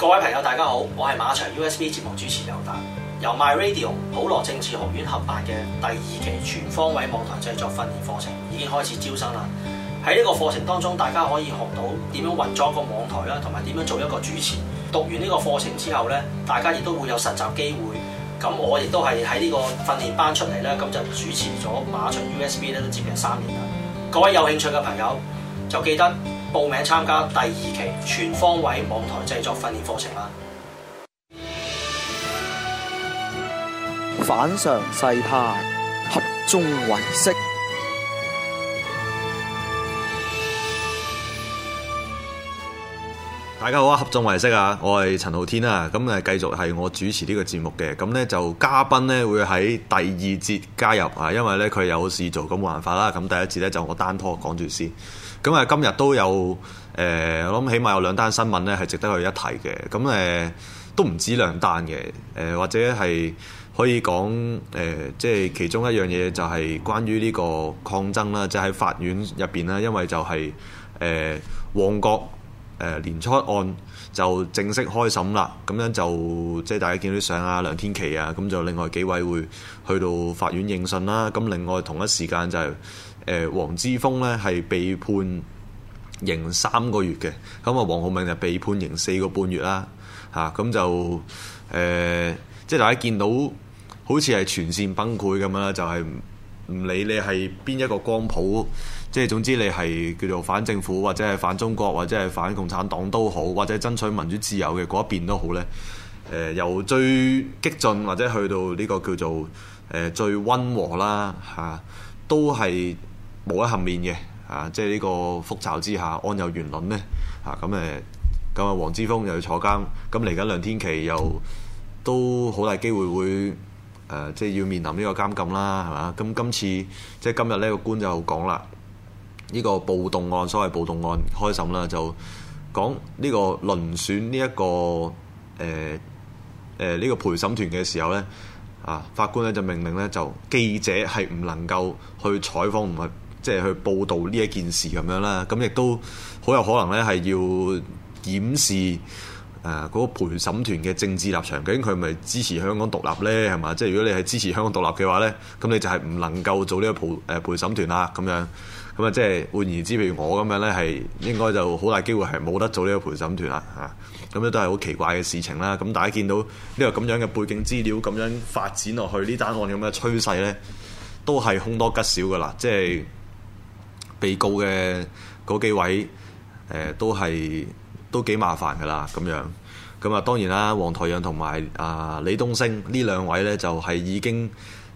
各位朋友，大家好，我係馬場 USB 節目主持尤達，由 My Radio 普羅政治學院合辦嘅第二期全方位網台製作訓練課程，已經開始招生啦。喺呢個課程當中，大家可以學到點樣運作一個網台啦，同埋點樣做一個主持。讀完呢個課程之後咧，大家亦都會有實習機會。咁我亦都係喺呢個訓練班出嚟咧，咁就主持咗馬場 USB 咧都接近三年啦。各位有興趣嘅朋友，就記得。報名參加第二期全方位網台製作訓練課程啦！反常世態，合眾唯識。 大家好啊，合眾唯識啊，我係陳浩天啊，咁誒繼續係我主持呢個節目嘅，咁咧就嘉賓咧會喺第二節加入啊，因為咧佢有事做，咁冇辦法啦，咁第一節咧就我單拖講住先。咁啊，今日都有誒、呃，我諗起碼有兩單新聞咧，係值得去一提嘅。咁、呃、誒都唔止兩單嘅，誒、呃、或者係可以講誒，即、呃、係其中一樣嘢就係關於呢個抗爭啦，即、就、喺、是、法院入邊啦，因為就係、是、誒、呃、旺角誒、呃、年初一案就正式開審啦。咁樣就即係大家見到啲相啊，梁天琦啊，咁就另外幾位會去到法院應訊啦。咁另外同一時間就係、是。誒黃之鋒咧係被判刑三個月嘅，咁啊黃浩銘就被判刑四個半月啦，嚇、啊、咁就誒、呃，即係大家見到好似係全線崩潰咁啦，就係、是、唔理你係邊一個光譜，即係總之你係叫做反政府或者係反中國或者係反共產黨都好，或者爭取民主自由嘅嗰一邊都好呢誒、呃、由最激進或者去到呢個叫做誒、呃、最溫和啦，嚇、啊、都係。冇一幸免嘅，啊，即係呢個覆巢之下安有完卵呢？啊，咁誒，咁啊，黃、啊啊、之鋒又要坐監，咁嚟緊梁天琦又都好大機會會誒、啊，即係要面臨呢個監禁啦，係嘛，咁、啊、今次即係今日呢個官就講啦，呢、這個暴動案所謂暴動案開審啦，就講呢個輪選呢、這、一個誒誒呢個陪審團嘅時候呢，啊，法官呢就命令呢，就記者係唔能夠去採訪唔係。即係去報導呢一件事咁樣啦，咁亦都好有可能咧，係要檢視誒嗰個陪審團嘅政治立場，究竟佢咪支持香港獨立呢？係嘛？即係如果你係支持香港獨立嘅話呢，咁你就係唔能夠做呢個陪誒陪審團啦。咁樣咁啊，即係換言之，譬如我咁樣呢，係應該就好大機會係冇得做呢個陪審團啦。嚇、啊，咁都都係好奇怪嘅事情啦。咁大家見到呢個咁樣嘅背景資料，咁樣發展落去呢單案咁嘅趨勢呢，都係凶多吉少噶啦。即係。被告嘅嗰幾位，呃、都係都幾麻煩㗎啦，咁樣。咁啊，當然啦，黃台仰同埋啊李東升呢兩位呢，就係、是、已經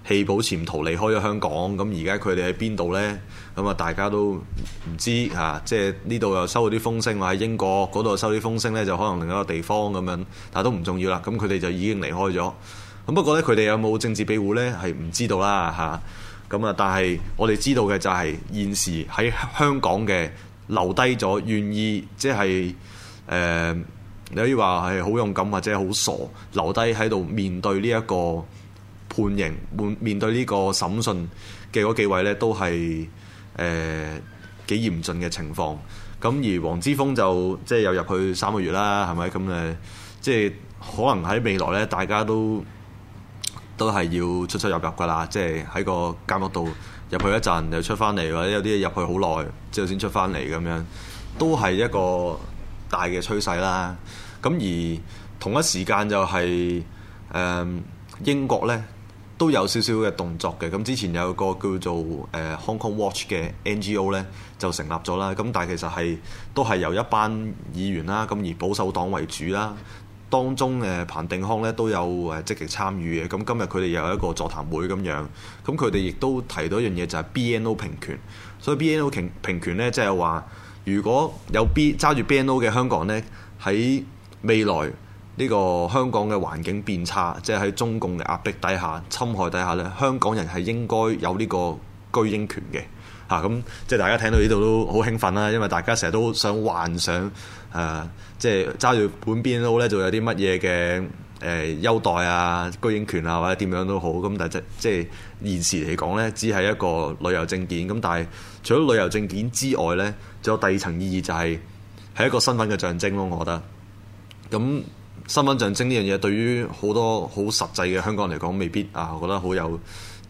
棄保潛逃離開咗香港。咁而家佢哋喺邊度呢？咁、嗯、啊，大家都唔知啊。即係呢度又收咗啲風聲，話喺英國嗰度收啲風聲呢，就可能另一個地方咁樣。但係都唔重要啦。咁佢哋就已經離開咗。咁不過呢，佢哋有冇政治庇護呢？係唔知道啦嚇。啊咁啊！但係我哋知道嘅就係現時喺香港嘅留低咗願意，即係誒，你可以話係好勇敢或者係好傻，留低喺度面對呢一個判刑，面對呢個審訊嘅嗰幾位呢，都係誒幾嚴峻嘅情況。咁而黃之鋒就即係、就是、又入去三個月啦，係咪咁誒？即係、就是、可能喺未來呢，大家都，都係要出出入入噶啦，即係喺個監獄度入去一陣又出翻嚟，或者有啲嘢入去好耐之後先出翻嚟咁樣，都係一個大嘅趨勢啦。咁而同一時間就係、是、誒、嗯、英國呢都有少少嘅動作嘅。咁之前有個叫做誒、呃、Hong Kong Watch 嘅 NGO 呢，就成立咗啦。咁但係其實係都係由一班議員啦，咁而保守黨為主啦。當中彭定康咧都有誒積極參與嘅，咁今日佢哋又有一個座談會咁樣，咁佢哋亦都提到一樣嘢就係 B N O 平權，所以 B N O 平平權咧即係話如果有揸住 B N O 嘅香港呢，喺未來呢個香港嘅環境變差，即係喺中共嘅壓迫底下、侵害底下呢，香港人係應該有呢個居英權嘅。嚇咁即係大家聽到呢度都好興奮啦，因為大家成日都想幻想誒、呃，即係揸住本 BNO 咧，就有啲乜嘢嘅誒優待啊、居英權啊或者點樣都好。咁但係即即係現時嚟講咧，只係一個旅遊證件。咁但係除咗旅遊證件之外咧，仲有第二層意義就係、是、係一個身份嘅象徵咯。我覺得咁身份象徵呢樣嘢，對於好多好實際嘅香港人嚟講，未必啊，我覺得好有。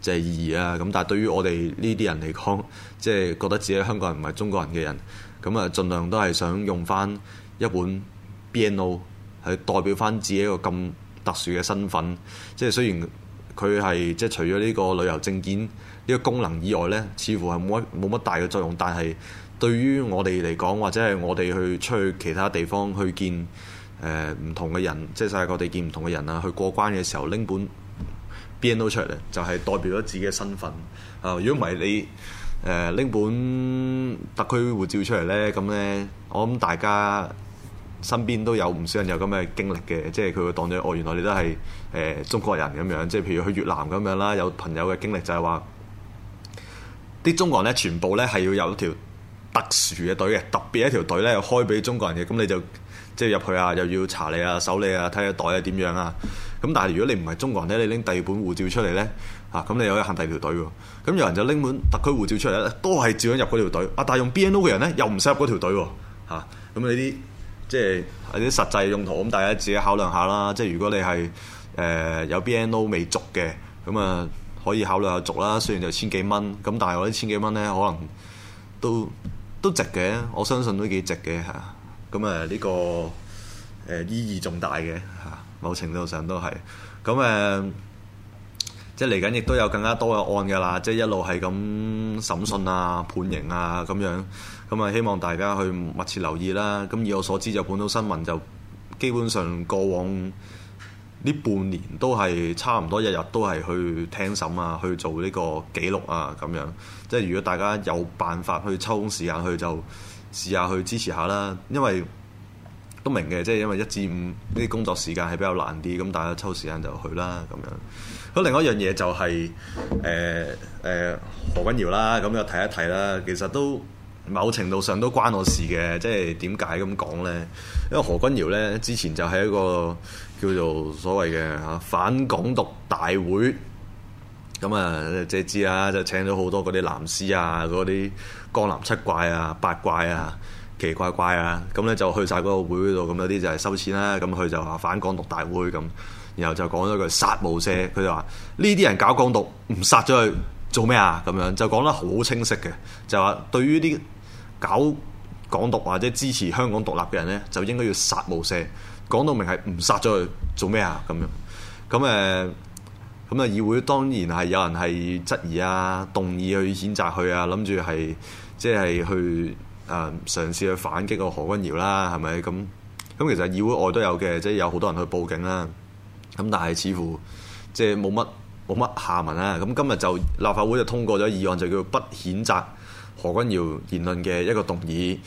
就係意義啊！咁但係對於我哋呢啲人嚟講，即係覺得自己香港人唔係中國人嘅人，咁啊，盡量都係想用翻一本 BNO 去代表翻自己一個咁特殊嘅身份。即係雖然佢係即係除咗呢個旅遊證件呢個功能以外咧，似乎係冇乜冇乜大嘅作用。但係對於我哋嚟講，或者係我哋去出去其他地方去見誒唔同嘅人，即係世界各地見唔同嘅人啊，去過關嘅時候拎本。邊都出嚟咧，就係、是、代表咗自己嘅身份。啊、呃，如果唔係你誒拎、呃、本特區護照出嚟咧，咁咧，我諗大家身邊都有唔少人有咁嘅經歷嘅，即係佢會當咗哦，原來你都係誒、呃、中國人咁樣，即係譬如去越南咁樣啦，有朋友嘅經歷就係話，啲中國人咧全部咧係要有一條特殊嘅隊嘅，特別一條隊咧要開俾中國人嘅，咁你就即係入去啊，又要查你啊、搜你啊、睇下袋係點樣啊。咁但係如果你唔係中國人咧，你拎第二本護照出嚟咧，嚇、啊、咁你又要行第二條隊喎。咁、啊、有人就拎本特區護照出嚟咧，都係照樣入嗰條隊。啊，但係用 BNO 嘅人咧又唔使入嗰條隊喎。咁啊啲即係啲實際用途，咁大家自己考慮下啦。即、就、係、是、如果你係誒、呃、有 BNO 未續嘅，咁啊可以考慮下續啦。雖然就千幾蚊，咁但係我啲千幾蚊咧可能都都值嘅，我相信都幾值嘅嚇。咁啊呢、這個誒、呃、意義重大嘅嚇。啊某程度上都係，咁誒，即係嚟緊亦都有更加多嘅案㗎啦，即係一路係咁審訊啊、判刑啊咁樣，咁啊希望大家去密切留意啦。咁以我所知就，本土新聞就基本上過往呢半年都係差唔多日日都係去聽審啊、去做呢個記錄啊咁樣，咁樣，即係如果大家有辦法去抽空時間去就試下去支持下啦，因為，都明嘅，即係因為一至五啲工作時間係比較難啲，咁大家抽時間就去啦咁樣。好，另一樣嘢就係誒誒何君堯啦，咁又睇一睇啦。其實都某程度上都關我的事嘅，即係點解咁講呢？因為何君堯呢之前就係一個叫做所謂嘅反港獨大會，咁啊即係知啦、啊，就請咗好多嗰啲藍絲啊，嗰啲江南七怪啊、八怪啊。奇怪怪啊！咁咧就去晒嗰個會度，咁有啲就係收錢啦、啊。咁佢就話反港獨大會咁，然後就講咗句殺無赦。佢就話呢啲人搞港獨，唔殺咗佢做咩啊？咁樣就講得好清晰嘅，就話對於啲搞港獨或者支持香港獨立嘅人呢，就應該要殺無赦。講到明係唔殺咗佢做咩啊？咁樣咁誒，咁啊議會當然係有人係質疑啊，動議去譴責佢啊，諗住係即係去。誒嘗試去反擊個何君堯啦，係咪咁？咁其實議會外都有嘅，即係有好多人去報警啦。咁但係似乎即係冇乜冇乜下文啦。咁今日就立法會就通過咗議案，就叫不譴責何君堯言論嘅一個動議。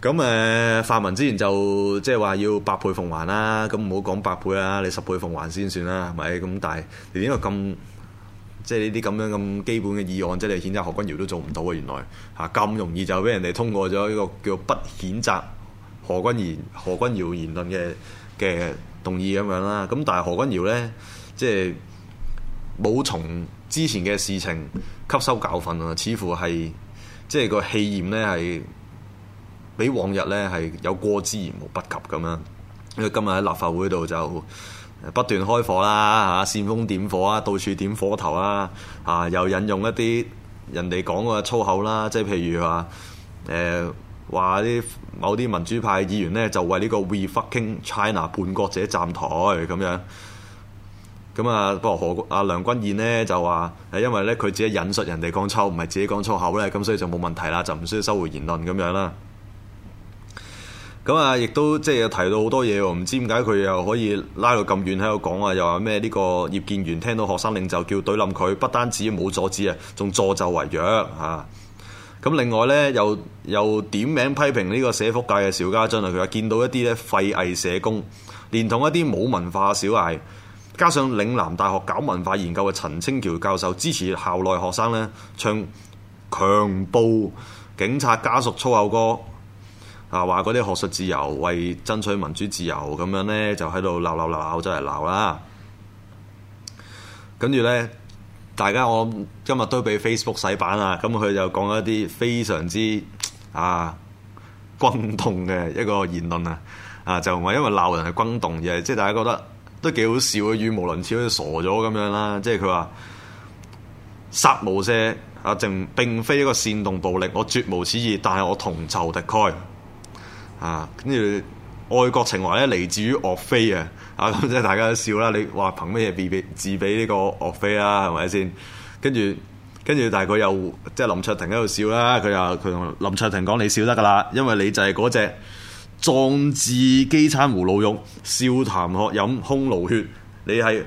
咁誒、呃，泛民之前就即係話要百倍奉還啦，咁唔好講百倍啊，你十倍奉還先算啦，係咪咁？但係你點解咁？即係呢啲咁樣咁基本嘅議案，即係你譴責何君堯都做唔到啊！原來嚇咁容易就俾人哋通過咗呢個叫不譴責何君堯何君堯言論嘅嘅動議咁樣啦。咁但係何君堯咧，即係冇從之前嘅事情吸收教訓啊，似乎係即係個氣焰咧係比往日咧係有過之而無不及咁樣。因為今日喺立法會度就，不斷開火啦，嚇煽風點火啊，到處點火頭啦，嚇、啊、又引用一啲人哋講嘅粗口啦，即係譬如話誒話啲某啲民主派議員呢，就為呢個 We Fucking China 叛國者站台咁樣，咁啊不過何阿、啊、梁君彥呢，就話係因為咧佢自己引述人哋講粗口，唔係自己講粗口咧，咁所以就冇問題啦，就唔需要收回言論咁樣啦。咁啊，亦都即係提到好多嘢，唔知點解佢又可以拉到咁遠喺度講啊？又話咩呢個葉建源聽到學生領袖叫隊冧佢，不單止冇阻止啊，仲助紂為虐嚇。咁另外咧，又又點名批評呢個社福界嘅邵家臻啊，佢話見到一啲咧廢藝社工，連同一啲冇文化小藝，加上嶺南大學搞文化研究嘅陳清橋教授支持校內學生咧唱強暴警察家屬粗口歌。啊！話嗰啲學術自由，為爭取民主自由咁樣咧，就喺度鬧鬧鬧，就嚟鬧啦。跟住咧，大家我今日都俾 Facebook 洗版啦！咁佢就講一啲非常之啊轟動嘅一個言論啊！啊，就話因為鬧人係轟動嘅，即係大家覺得都幾好笑嘅語無倫次，好似傻咗咁樣啦。即係佢話殺無赦，啊，並並非一個煽動暴力，我絕無此意，但係我同仇敵愾。啊！跟住，愛國情懷咧嚟自於岳飛啊！啊咁即係大家都笑啦。你話憑咩嘢比比自比呢個岳飛啊？係咪先？跟住，跟住，大概又即係林卓廷喺度笑啦。佢又佢同林卓廷講：你笑得噶啦，因為你就係嗰隻壯志饑餐胡虜肉，笑談渴飲匈奴血。你係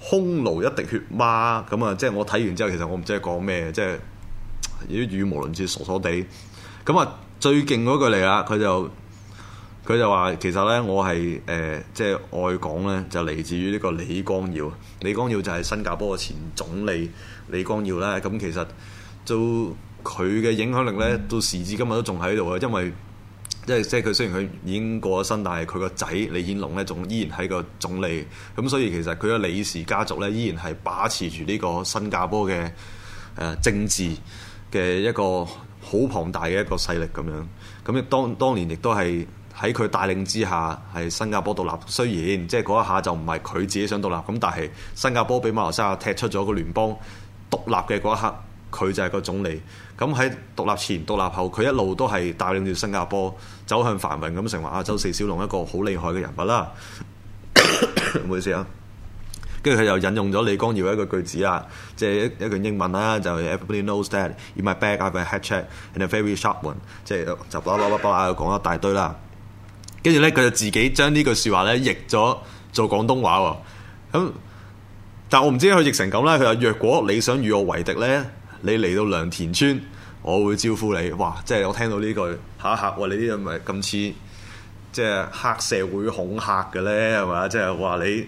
匈奴一滴血嗎？咁啊，即係我睇完之後，其實我唔知佢講咩，即係啲語無倫次，傻傻地。咁啊！最勁嗰句嚟啦，佢就佢就話：其實呢，我係誒即係愛港呢，就嚟自於呢個李光耀。李光耀就係新加坡嘅前總理李光耀啦。咁其實就佢嘅影響力呢，到時至今日都仲喺度嘅，因為即係即係佢雖然佢已經過咗身，但係佢個仔李顯龍呢，仲依然係個總理。咁所以其實佢個李氏家族呢，依然係把持住呢個新加坡嘅、呃、政治嘅一個。好龐大嘅一個勢力咁樣，咁亦當當年亦都係喺佢帶領之下，係新加坡獨立。雖然即係嗰一下就唔係佢自己想獨立，咁但係新加坡俾馬來西亞踢出咗個聯邦獨立嘅嗰一刻，佢就係個總理。咁喺獨立前、獨立後，佢一路都係帶領住新加坡走向繁榮，咁成為亞洲四小龍一個好厲害嘅人物啦。唔 好意思啊。跟住佢又引用咗李光耀一個句，句子啦，即係一一句英文啦，就 Everybody knows that in my bag I have a hatchet and a very sharp one，即係就叭叭叭叭又講一大堆啦。跟住咧，佢就自己將呢句説話咧譯咗做廣東話喎。咁，但我唔知佢譯成咁啦。佢話：若果你想與我為敵咧，你嚟到良田村，我會招呼你。哇！即係我聽到呢句嚇嚇，哇！你啲人咪咁似即係黑社會恐嚇嘅咧，係嘛？即係話你。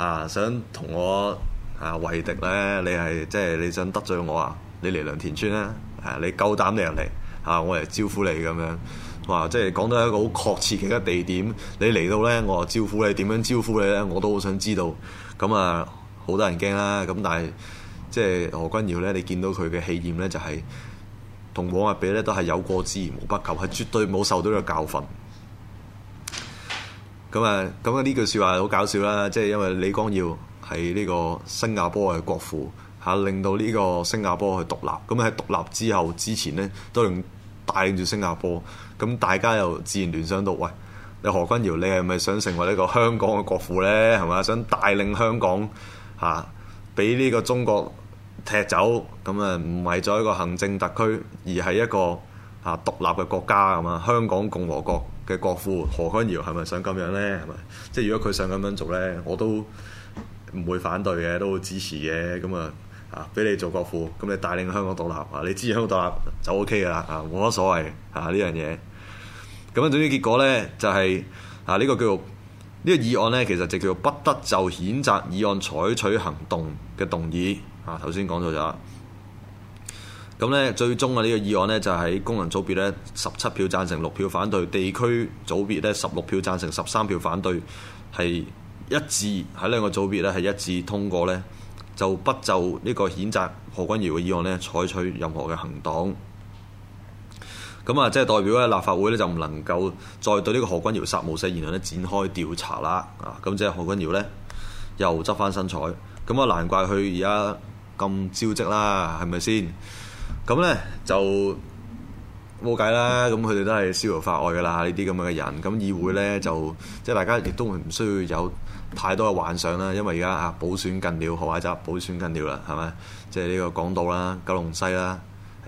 啊！想同我啊，為敵咧？你係即係你想得罪我啊，啊？你嚟良田村咧？係你夠膽你入嚟啊！我嚟招呼你咁樣，哇、啊！即係講到一個好確切嘅地點，你嚟到咧，我招呼你點樣招呼你咧，我都好想知道。咁啊，好多人驚啦。咁但係即係何君堯咧，你見到佢嘅氣焰咧，就係、是、同往日比咧都係有過之而無不及，係絕對冇受到呢個教訓。咁啊，咁啊呢句説話好搞笑啦！即係因為李光耀喺呢個新加坡嘅國父嚇，令到呢個新加坡去獨立。咁喺獨立之後之前呢都用帶領住新加坡。咁大家又自然聯想到：喂，你何君堯，你係咪想成為呢個香港嘅國父呢？係咪想帶領香港嚇，俾呢個中國踢走？咁啊，唔係作為一個行政特區，而係一個嚇獨立嘅國家咁啊，香港共和國。嘅國父何君堯係咪想咁樣呢？係咪即係如果佢想咁樣做呢，我都唔會反對嘅，都會支持嘅。咁啊啊，俾你做國父，咁你帶領香港獨立啊，你支持香港獨立就 O K 噶啦啊，冇乜所謂啊呢樣嘢。咁啊，總之結果呢，就係、是、啊呢、呢個叫做呢、呢個議案呢，其實就叫不得就譴責議案採取行動嘅動議啊。頭先講咗咗。咁咧，最終啊，呢個議案呢，就喺、是、工人組別呢，十七票贊成六票反對，地區組別呢，十六票贊成十三票反對，係一致喺兩個組別呢，係一致通過呢，就不就呢個譴責何君堯嘅議案呢，採取任何嘅行動。咁啊，即係代表咧立法會呢，就唔能夠再對呢個何君堯殺無赦言論呢，展開調查啦。啊，咁即係何君堯呢，又執返身彩，咁啊，難怪佢而家咁招積啦，係咪先？咁呢就冇計啦。咁佢哋都係逍遙法外㗎啦。呢啲咁樣嘅人，咁議會呢，就即係大家亦都唔需要有太多嘅幻想啦。因為而家啊，補選近了，何下就補選近了啦，係咪？即係呢個港島啦、九龍西啦、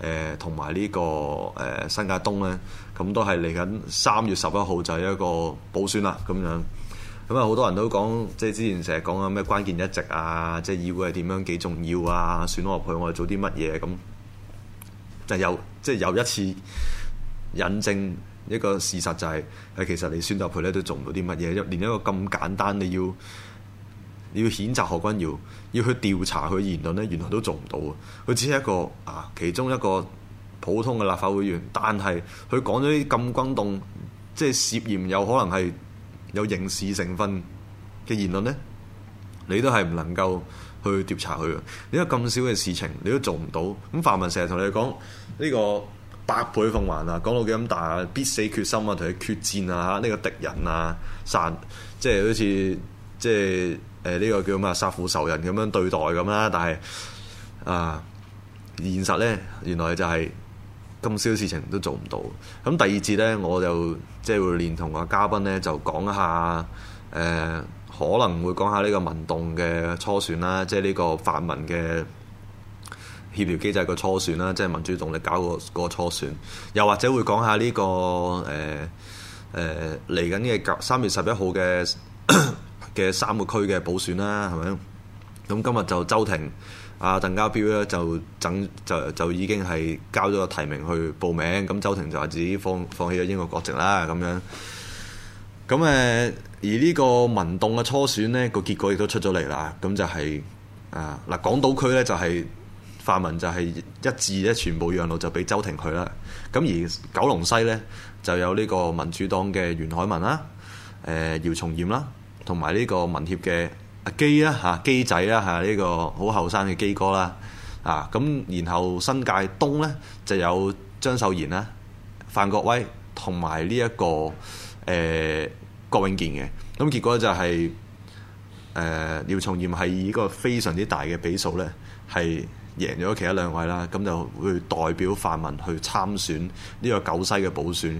誒同埋呢個誒、呃、新界東呢，咁都係嚟緊三月十一號就有一個補選啦。咁樣咁啊，好多人都講，即係之前成日講緊咩關鍵一席啊，即係議會係點樣幾重要啊？選落去我哋做啲乜嘢咁。又即係有一次引證一個事實，就是，就係係其實你宣達佢咧都做唔到啲乜嘢，連一個咁簡單你要你要譴責何君堯，要去調查佢言論咧，原來都做唔到。佢只係一個啊，其中一個普通嘅立法會議員，但係佢講咗啲咁轟動，即係涉嫌有可能係有刑事成分嘅言論咧，你都係唔能夠，去調查佢嘅，點解咁少嘅事情你都做唔到。咁范文成日同你講呢個百倍奉還啊，講到幾咁大啊，必死決心啊，同佢決戰啊，呢、這個敵人啊，散，即係好似即係誒呢個叫咩啊，殺父仇人咁樣對待咁啦。但係啊、呃，現實咧原來就係咁少事情都做唔到。咁第二節咧，我就即係會連同個嘉賓咧就講一下誒。呃可能會講下呢個民動嘅初選啦，即係呢個泛民嘅協調機制嘅初選啦，即係民主動力搞個個初選，又或者會講下呢個誒誒嚟緊嘅三月十一號嘅嘅三個區嘅補選啦，係咪？咁今日就周庭阿鄧家彪咧就整就就，就已經係交咗個提名去報名，咁周庭就話自己放放棄咗英國國籍啦，咁樣。咁誒，而呢個民動嘅初選呢個結果亦都出咗嚟啦。咁就係、是、啊，嗱，港島區呢、就係，就係泛民就係一致咧，全部讓路就俾周庭佢啦。咁、啊、而九龍西呢，就有呢個民主黨嘅袁海文啦、啊、姚松炎啦，同埋呢個民協嘅阿基啦、嚇基仔啦嚇呢個好後生嘅基哥啦。啊，咁、啊啊這個啊啊、然後新界東呢，就有張秀賢啦、啊、范國威同埋呢一個，誒、呃、郭永健嘅咁、嗯、結果就係、是、誒、呃、廖松炎係以個非常之大嘅比數咧係贏咗其他兩位啦，咁就會代表泛民去參選呢個九西嘅補選。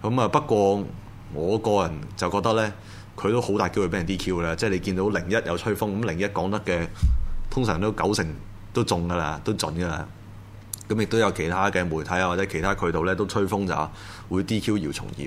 咁、嗯、啊不過，我個人就覺得咧，佢都好大機會俾人 D Q 啦。即係你見到零一有吹風，咁零一講得嘅通常都九成都中噶啦，都準噶啦。咁亦都有其他嘅媒體啊，或者其他渠道咧，都吹風就會 DQ 姚松炎。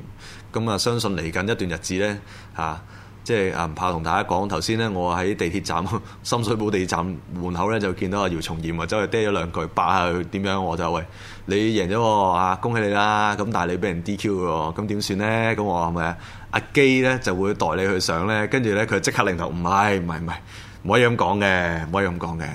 咁、嗯、啊，相信嚟緊一段日子咧，啊，即係啊，唔怕同大家講。頭先咧，我喺地鐵站深水埗地鐵站門口咧，就見到阿姚松炎啊，走去嗲咗兩句，拍下佢點樣我，就我就喂你贏咗啊，恭喜你啦！咁但係你俾人 DQ 嘅喎，咁點算咧？咁我係咪阿基咧就會代你去上咧？跟住咧佢即刻擰頭，唔係唔係唔係，唔可以咁講嘅，唔可以咁講嘅。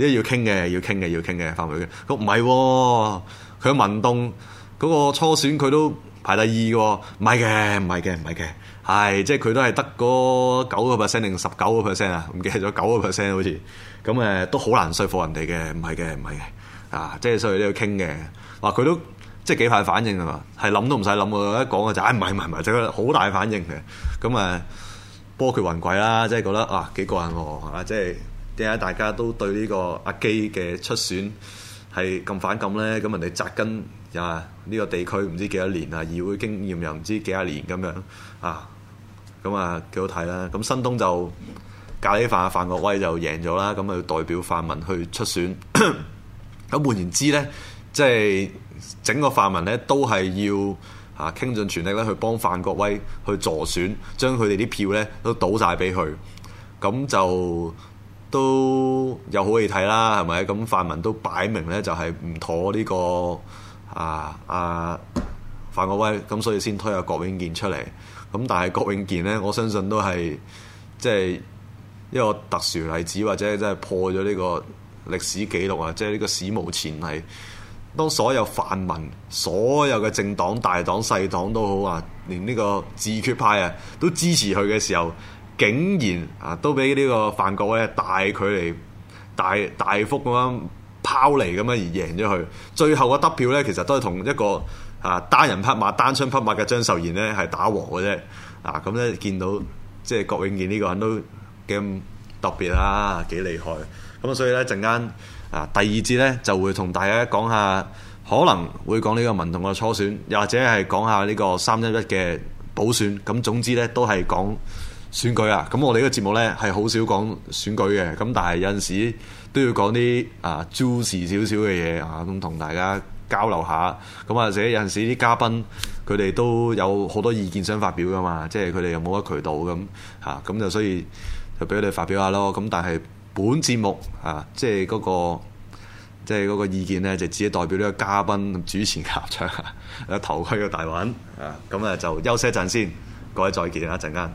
即係要傾嘅，要傾嘅，要傾嘅，翻去佢。佢唔係喎，佢喺文東嗰個初選佢都排第二喎，唔係嘅，唔係嘅，唔係嘅。係即係佢都係得嗰九個 percent 定十九個 percent 啊？唔記得咗九個 percent 好似。咁誒都好難說服人哋嘅，唔係嘅，唔係嘅。啊，即係所以都要傾嘅。話、啊、佢都即係幾快反應啊嘛，係諗都唔使諗喎，一講嘅就唉，唔係唔係唔係，就佢、是、好大反應嘅。咁誒波佢雲貴啦，即係覺得啊幾過癮喎嚇，即係。點解大家都對呢個阿基嘅出選係咁反感咧？咁人哋紮根啊呢個地區唔知幾多年啊，議會經驗又唔知幾多年咁樣啊，咁啊幾好睇啦。咁新東就咖喱飯啊范國威就贏咗啦，咁啊代表泛民去出選。咁換言之咧，即係整個泛民咧都係要啊傾盡全力咧去幫范國威去助選，將佢哋啲票咧都倒曬俾佢，咁就。都有好戲睇啦，係咪？咁泛民都擺明咧、這個，就係唔妥呢個啊啊范國威，咁所以先推阿郭永健出嚟。咁但係郭永健咧，我相信都係即係一個特殊例子，或者即係破咗呢個歷史記錄啊！即係呢個史無前例。當所有泛民、所有嘅政黨、大黨、細黨都好啊，連呢個自決派啊都支持佢嘅時候。竟然啊，都俾呢個范國咧大距離大大幅咁樣拋離咁樣而贏咗佢。最後嘅得票咧，其實都係同一個啊單人匹馬、單槍匹馬嘅張秀賢咧係打和嘅啫。啊，咁、嗯、咧見到即係、就是、郭永健呢個人都幾特別啊，幾厲害。咁啊，所以咧陣間啊第二節咧就會同大家講下可能會講呢個民同嘅初選，又或者係講下呢個三一一嘅補選。咁總之咧都係講。選舉啊！咁我哋呢個節目呢，係好少講選舉嘅，咁但係有陣時都要講啲啊 juicy 少少嘅嘢啊，咁同、啊、大家交流下。咁或者有陣時啲嘉賓佢哋都有好多意見想發表噶嘛，即係佢哋又冇乜渠道咁嚇，咁、啊、就、啊、所以就俾佢哋發表下咯。咁、啊、但係本節目啊，即係嗰、那個即係嗰意見呢，就只係代表呢個嘉賓主持合唱啊，頭盔嘅大雲啊，咁啊就休息一陣先，各位再見啊，一陣間。